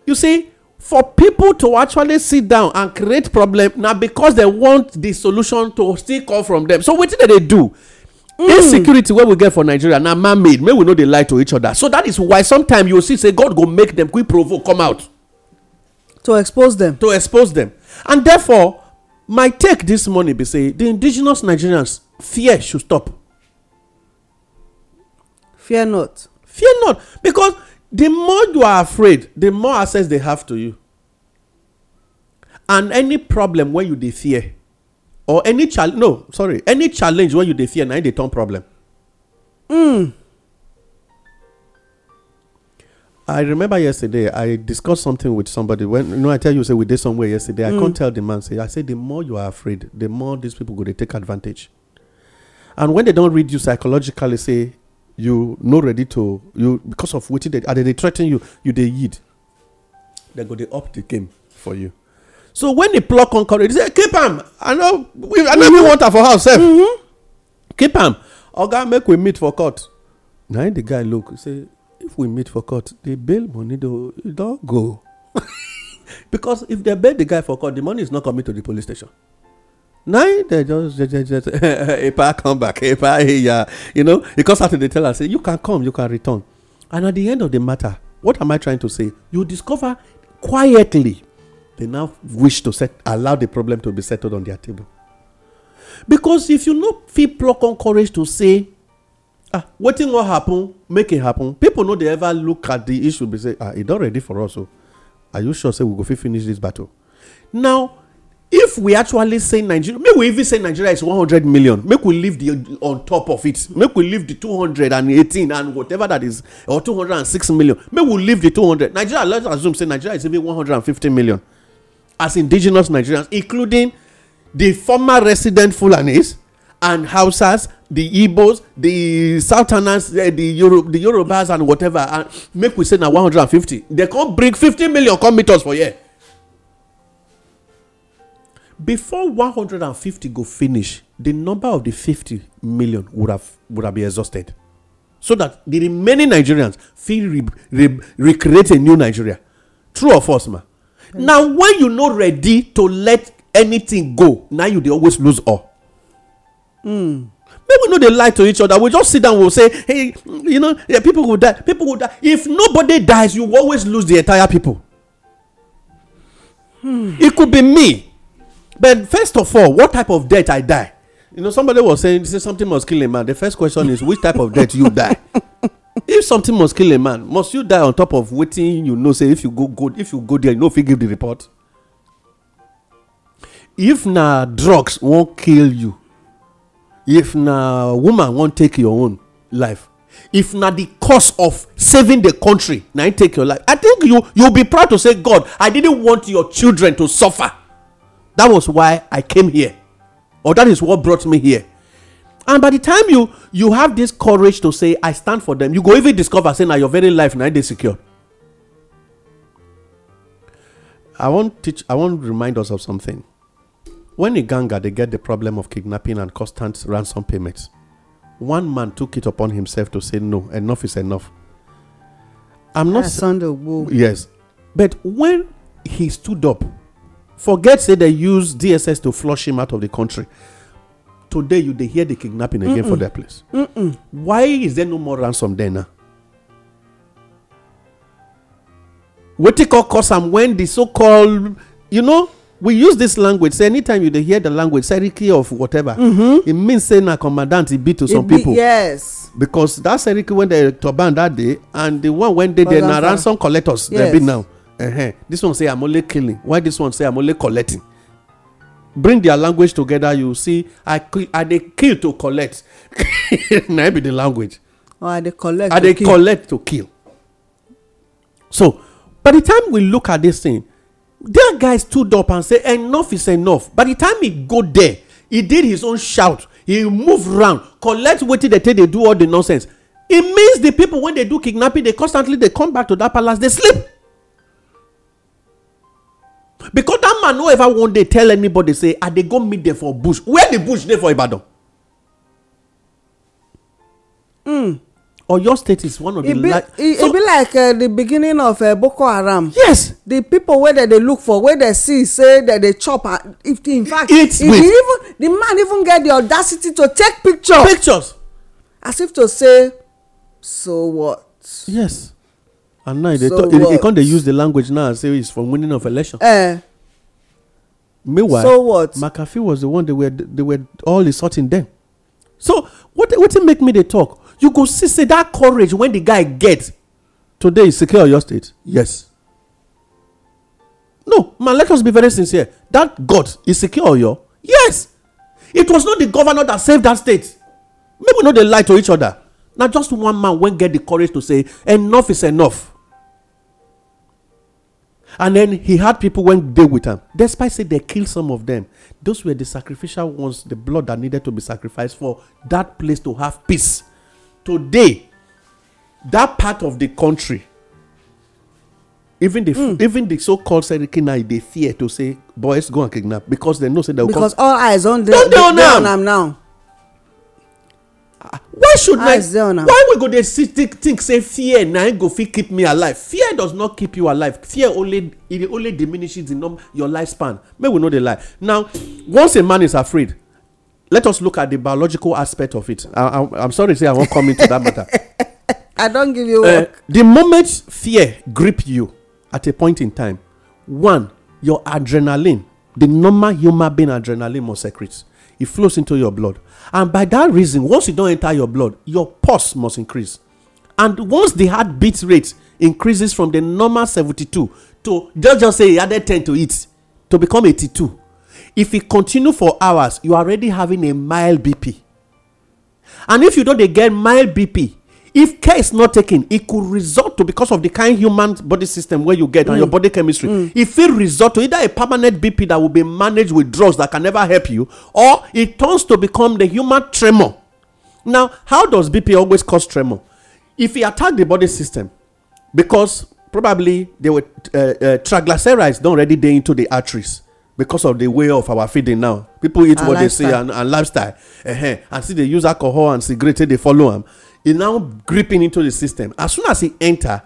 you see for people to actually sit down and create problem na because they want the solution to still come from them. so wetin dem dey do insecurity hmm. wey we get for nigeria na man made make we no dey lie to each other so that is why sometimes you see say god go make them quick provoke come out to expose them to expose them, and therefore my take this morning be say the indigenous nigerians fear should stop fear not fear not because the more you are afraid the more access they have to you and any problem wey you dey fear or any challenge no sorry any challenge wey you dey fear na im dey turn problem. Mm. I remember yesterday I discussed something with somebody when you know I tell you say we did somewhere yesterday. Mm. I hmm. can't tell the man say I say the more you are afraid, the more these people go they take advantage. And when they don't read you psychologically, say you no ready to you because of wetin dey and they dey threaten you you dey yield They go dey up the game for you so when they pluck on courage they say keep am i no i no even mm-hmm. want am for house sef mm-hmm. keep am oga make we meet for court na the guy look say if we meet for court the bail money do don go because if they bail the guy for court the money is not coming to the police station Nine, they just, just, just, if I come back. if Epa, yeah. You know, because after they tell us, say, you can come, you can return. And at the end of the matter, what am I trying to say? You discover quietly they now wish to set, allow the problem to be settled on their table. Because if you not feel pluck on courage to say, ah, waiting what happen, make it happen, people know they ever look at the issue be say, ah, e don ready for us So. Oh. Are you sure say we go finish this battle? Now, if we actually say nigeria make we even say nigeria is one hundred million make we leave the on top of it make we leave the two hundred and eighteen and whatever that is or two hundred and six million make we leave the two hundred nigeria let's assume say nigeria is even one hundred and fifty million as indigenous nigerians including the former resident fulanis and hausas the igbos the southerners eh, the Europe, the yorubas and whatever and make we say na one hundred and fifty they come bring fifty million come meet us for here before 150 go finish the number of the 50 million would have would have been exhausted so that the remaining nigerians feel re, re, recreate a new nigeria true or false ma mm. na when you no ready to let anything go now you dey always lose all. Mm. make we no dey lie to each other we just sit down we say hey you know yeah, people go die people go die if nobody dies you always lose the entire people. Hmm. it could be me but first of all what type of death i die you know somebody was saying say something must kill a man the first question is which type of death you die if something must kill a man must you die on top of wetin you know say if you go go if you go there you no fit give the report if na drugs wan kill you if na woman wan take your own life if na the cause of saving the country na im take your life i think you you be proud to say god i didn't want your children to suffer That was why I came here. Or that is what brought me here. And by the time you you have this courage to say, I stand for them, you go even discover saying that your very life now they secure. I want teach I want to remind us of something. When Uganda, they get the problem of kidnapping and constant ransom payments, one man took it upon himself to say, No, enough is enough. I'm not That's Yes. But when he stood up forget say they use dss to flush him out of the country today you dey hear the kidnapping again for that place why is there no more ransom there now wetin come cause am when the so called you know we use this language say anytime you dey hear the language seriki of whatever mm-hmm. it mean say na commandant e be to some people. yes because that seriki wey dem turban that day and the one wey dey there na ransom collectors dem be now uh-huh. this one say i'm only killing why this one say i'm only collecting bring their language together you see i i dey kill to collect na be the language or oh, i dey collect i dey collect to kill so by the time we look at this thing that guy stood up and say enough is enough by the time he go there he did his own shout he move round collect wetin dey take dey do all the nonsense e means the people wey dey do kidnapping dey constantly dey come back to that palace dey sleep because that man no ever one day tell anybody say i ah, dey go meet dem for bush where the bush dey for ibadan mm. oyo state is one of the like so be like uh, the beginning of uh, boko haram yes the people wey dem dey look for wey dem see say dem dey chop uh, if in fact if even the man even get the audacity to take pictures pictures as if to say so what yes and now they talk they come dey use the language now and say it's for winning of election eh meanwhile so mcafee was the one they were they were all insulting dem so wetin make me dey talk you go see say that courage when the guy get today is secure your state yes no man let us be very sincere that god is secure your. yes it was not the governor that saved that state make we no dey lie to each other na just one man wey get the courage to say enough is enough And then he had people went there with him. Despite say they killed some of them, those were the sacrificial ones, the blood that needed to be sacrificed for that place to have peace. Today, that part of the country, even the mm. even the so-called Serikinai, they fear to say, boys, go and kidnap because they know say they will because come. all eyes on them. Don't they on them now? why should my why we go dey think think, say fear na go fit keep me alive fear does not keep you alive fear only it e only diminishes the num your lifespan make we no dey lie now once a man is afraid let us look at the biological aspect of it i i'm sorry say i wan come into that matter i don give you work eh, the moment fear grip you at a point in time one your adrenaline the normal human being adrenaline must secrete it flows into your blood and by that reason once e don enter your blood your pulse must increase and once the heartbeat rate increases from the normal seventy-two to just just say e added ten to it to become eighty-two. if e continue for hours you are already having a mild bp and if you don dey get mild bp if care is not taken it could result to because of the kind human body system wey you get and your mm. body chemistry e fit result to either a permanent bp that will be managed with drugs that can never help you or it turns to become the human tremor now how does bp always cause tremor if e attack the body system because probably they were uh, uh, triglycerides don already dey into the arteries because of the way of our feeding now people eat and what lifestyle. they see and, and lifestyle uh-huh. and see they use alcohol and cigarette they follow them He now gripping into the system as soon as he enter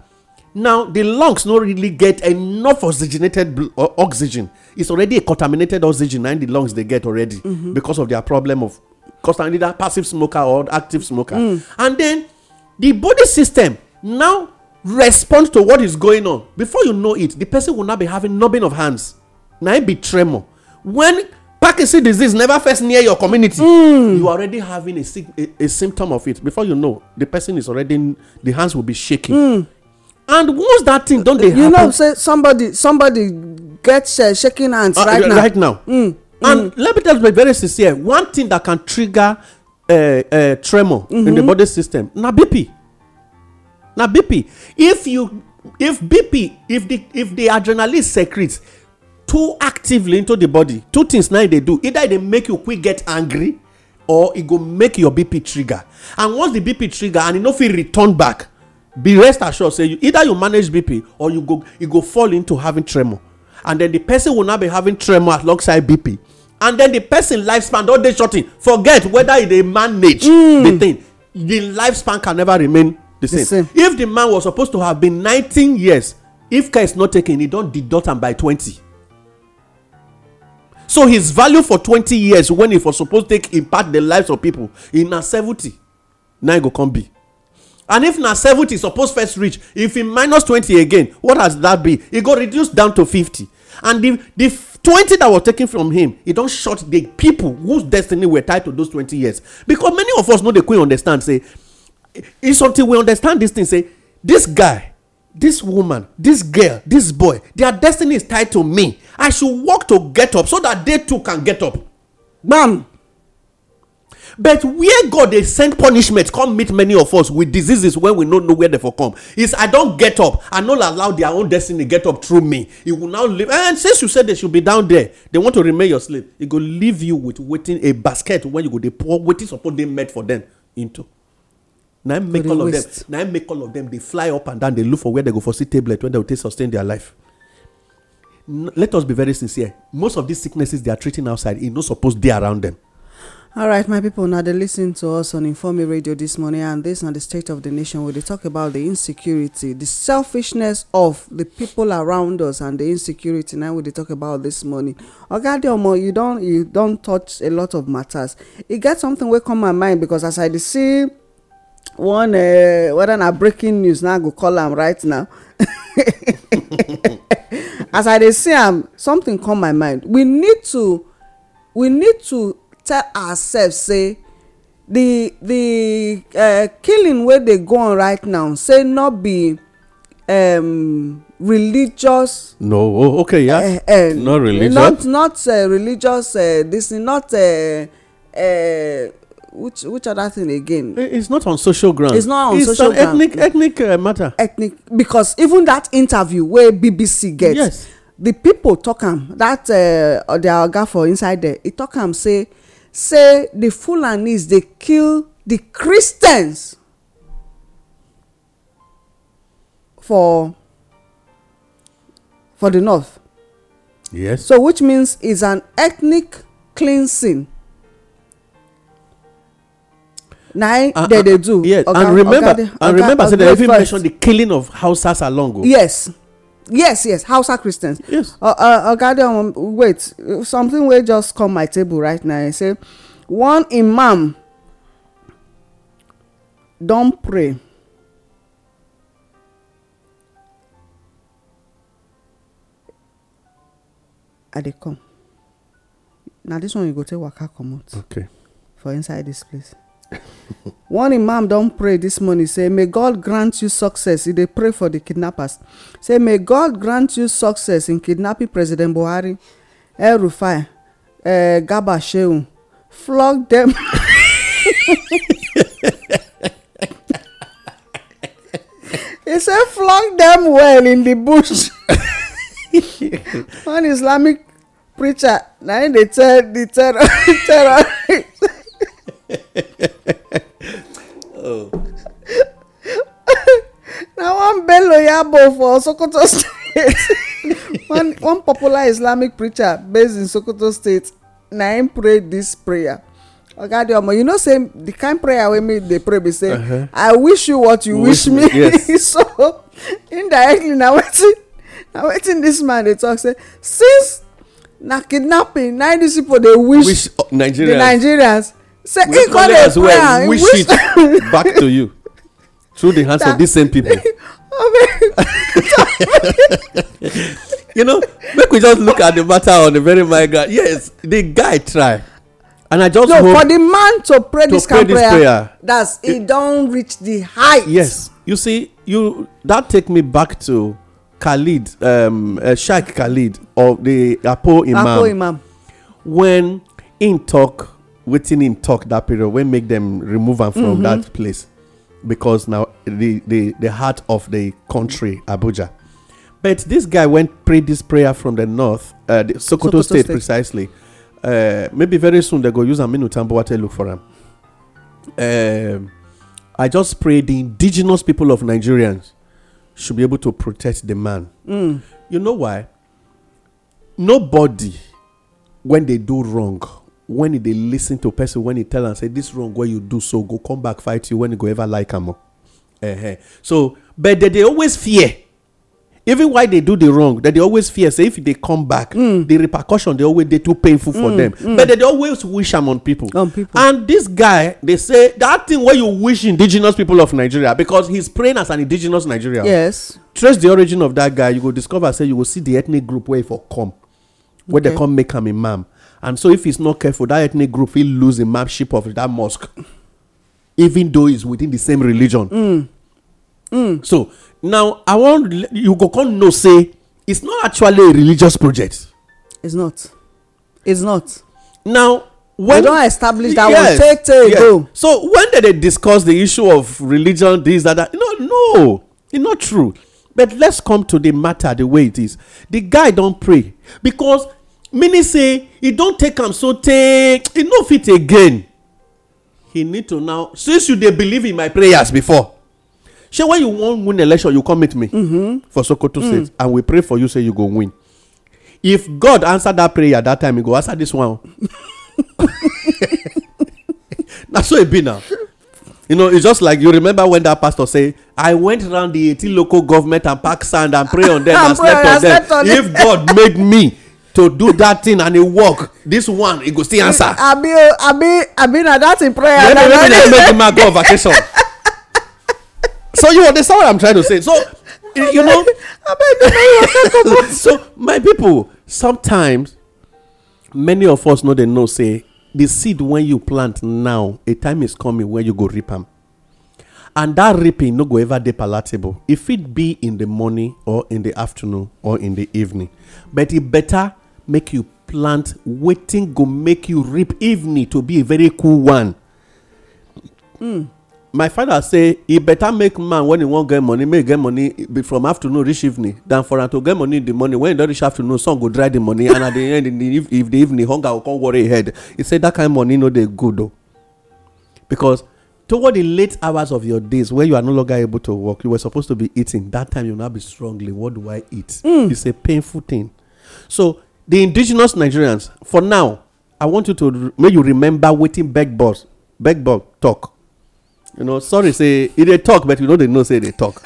now the lungs no really get enough oxygenated oxygen it's already a contaminated oxygen na the lungs they get already mm-hmm. because of their problem of constantly that passive smoker or active smoker mm. and then the body system now respond to what is going on before you know it the person will now be having numbing of hands Now it be tremor when Parkinson disease never first near your community. Mm. You are already having a, a, a symptom of it. Before you know, the person is already, the hands will be shaking. Mm. And once that thing don't they you happen. know, say somebody, somebody gets uh, shaking hands uh, right, right now. Right now. Mm. And mm. let me tell you very sincere, one thing that can trigger uh, uh, tremor mm-hmm. in the mm-hmm. body system, Now BP. Now BP. If you, if BP, if the, if the adrenaline secretes, too actively into the body two things na e dey do either e dey make you quick get angry or e go make your bp trigger and once the bp trigger and e no fit return back be rest assured say you, either you manage bp or you go you e go fall into having tremor and then the person will now be having tremor alongside bp and then the person lifespan don dey shorten forget whether e dey manage mm. the hmm. thing the lifespan can never remain the, the same. same if the man was supposed to have been nineteen years if care is not taken he don deduct am by twenty so his value for twenty years when he for suppose take impact the lives of people e na seventy na e go come be and if na seventy suppose first reach if he minus twenty again what has that be e go reduce down to fifty and the the twenty that was taken from him he don short the people whose destiny were tied to those twenty years because many of us no dey quick understand say it's until we understand this thing say this guy this woman this girl this boy their destiny is tied to me i should work to get up so that they too can get up gbam but where god dey send punishment come meet many of us with diseases wey we no know where dem for come is i don get up i no allow their own destiny get up through me e will now leave and since you say they should be down there they want to remain your slave e go leave you with wetin a basket wey you go dey pour wetin suppose dey meant for them into na im make all of them na im make all of them dey fly up and down dey look for where they go for see tablet when they go take sustain their life let us be very sincere most of these sicknesses they are treating outside e no suppose dey around them. all right my people now they listen to us on informe radio this morning and this na the state of the nation where they talk about the insecurity the selfishness of the people around us and the insecurity Now we they talk about this morning oga adeomo you don't you don't touch a lot of matters It e get something wey come my mind because as i see one uh, whether na breaking news na go call am right now as i dey see am something come my mind we need to we need to tell ourselves say the the uh, killing wey dey go on right now say no be um, religious. no okay yeah. Uh, uh, not religious. not not uh, religious uh, this not. Uh, uh, which which other thing again. it's not on social ground. it's not on it's social ground. it's an ethnic ethnic uh, matter. ethnic because even that interview wey bbc get. yes. the people talk am that uh, their oga for inside there he talk am say say the fulanis dey kill the christians for for the north. yes. so which means it's an ethnic cleansing. Nine, uh, dem dey uh, do yes and remember and remember say they even mention the killing of hausas along oh. yes yes yes hausa christians yes uh, uh, ogadon um, wait something will just come my table right now say one imam don't pray i they come Now this one you go take waka Okay, for inside this place one imam don pray this morning say may god grant you success e dey pray for the kidnappers say may god grant you success in kidnapping president buhari Erufai, rufai eh, gaba shehu flog dem He say flog dem well in the bush one islamic preacher na him dey tell di terrorist na one bello yabo for sokoto state one one popular islamic preacher based in sokoto state na him pray this prayer oga omo you know say the kind prayer wey me dey pray be say uh-huh. i wish you what you wish me so indirectly na wetin na wetin dis man dey talk say since na kidnapping na dis pipo dey wish uh, the nigerians say we call it as well wish, wish it back to you through the hands that, of these same people. you know, make we just look at the matter on the very migrant. Yes, the guy try. And I just no, hope for the man to pray to this, pray this prayer, prayer that's it, it don't reach the height. Yes. You see, you that take me back to Khalid, um uh, Sheikh Khalid of the Apo Imam. Apo Imam. When in talk waiting in talk that period when make them remove am from mm-hmm. that place because now the, the the heart of the country abuja but this guy went pray this prayer from the north uh, the sokoto, sokoto state, state, precisely uh, maybe very soon they go use aminu tambuwate look for him um, i just pray the indigenous people of nigerians should be able to protect the man mm. you know why nobody when they do wrong when e dey lis ten to person when he tell am say this wrong wey you do so go come back fight you when e go ever like am o uh-huh. so but they dey always fear even why they do the wrong dem dey always fear say if they come back hmm. the repercussion dey always dey too painful for dem hmm. hmm. but they dey always wish am on people On people. and this guy dey say that thing wey you wish indigenous people of nigeria because he's praying as an indigenous nigerian yes trace the origin of that guy you go discover say you go see the ethnic group wey e for come wey dem come make am imam And so, if he's not careful, that ethnic group will lose the membership of that mosque, even though it's within the same religion. Mm. Mm. So now I want you go come no say it's not actually a religious project. It's not. It's not. Now when we don establish that yes, one take take yes. go. So when did they discuss the issue of religion, this, that, that? No, no, it's not true. But let's come to the matter the way it is. The guy don't pray because meaning say e don take am so tey e no fit again he need to now since you dey believe in my prayers before shey when you wan win election you come meet me mm-hmm. for sokoto mm. state and we pray for you say you go win if god answer that prayer that time he go answer this one na so e be now you know it's just like you remember when that pastor say i went round the 18 local government and pack sand and pray on them and slept on them if god make me to do that thing and e work this one e go still answer. abi o abi abi na that in prayer. let me let me make the go on vacation. so you understand what i'm trying to say so you know so my people sometimes many of us no dey know say the seed wey you plant now a time is coming when you go reap am and that reaping no go ever dey palatable e fit be in the morning or in the afternoon or in the evening but e better make you plant wetin go make you reap evening to be a very cool one hmm. my father say e better make man when e wan get money make e get money from afternoon reach evening than for am to get money in the morning when e don reach afternoon sun go dry the money and at the end if the evening hunger go come worry head He say that kind money no dey good o because toward the late hours of your days when you are no longer able to work you were supposed to be eating that time you now be strongly what do i eat hmm. it's a painful thing so the indigenous nigerians for now i want you to make you remember wetin begbog begbog talk you know sorry say e dey talk but you no dey know say e dey talk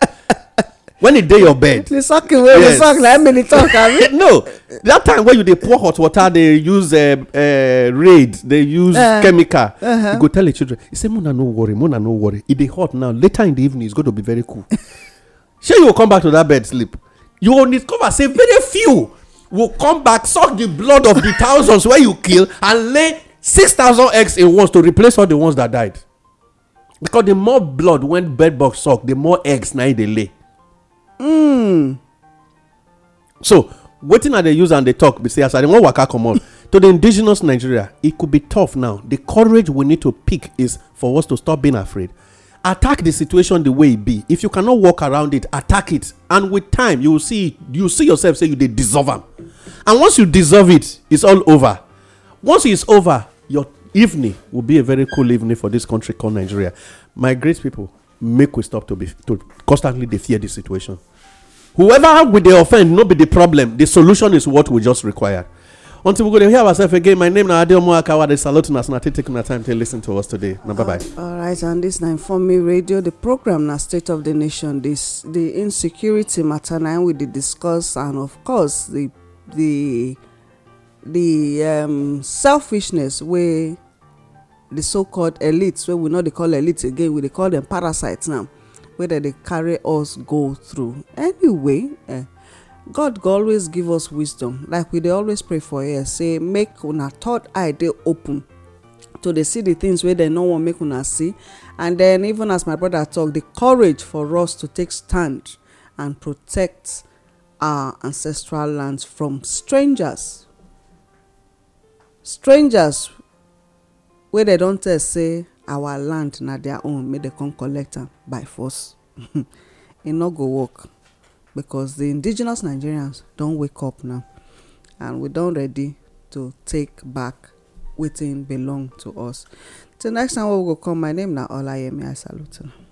when e dey your bed the soaking wey we suck na him talk abi no that time wey you dey pour hot water dey use um, uh, raid dey use uh-huh. chemical uh-huh. you go tell the children you say mona no worry mona no worry e dey hot now later in the evening it's go to be very cool shey you go come back to that bed sleep you go discover say very few will come back suck the blood of the thousands wey you kill and lay six thousand eggs in once to replace all the ones that died because the more blood when bird box suck the more eggs na e dey lay. Mm. so wetin i dey use and dey talk be say as i dey wan waka comot to the indigenous nigeria e could be tough now the courage we need to pick is for us to stop being afraid attack the situation the way e be if you cannot walk around it attack it and with time you will see you see yourself say you dey deserve. am and once you deserve it it's all over once it's over your evening will be a very cool evening for this country called nigeria my great people make we stop to be to constantly dey fear this situation whoever we dey offend no be the problem the solution is what we just require until we go dey hear ourselves again my name na adeomo akawa dey salute una una take take una time to lis ten to us today na bye bye. Um, all right and this na inform radio the program na state of the nation this the insecurity matter na we dey discuss and of course the the the um, selfishness wey the so called elites wey we no dey call elites again we dey call them parasites now wey dem dey carry us go through anyway eh, god go always give us wisdom like we dey always pray for here say make una third eye dey open to dey see the things wey dem no wan make una see and then even as my brother talk the courage for us to take stand and protect our ancestral lands from strangers strangers wey dem don tell say our land na their own make dem come collect am by force e no go work because the indigenous nigerians don wake up now and we don ready to take back wetin belong to us till next time we go come my name na olayemi i salute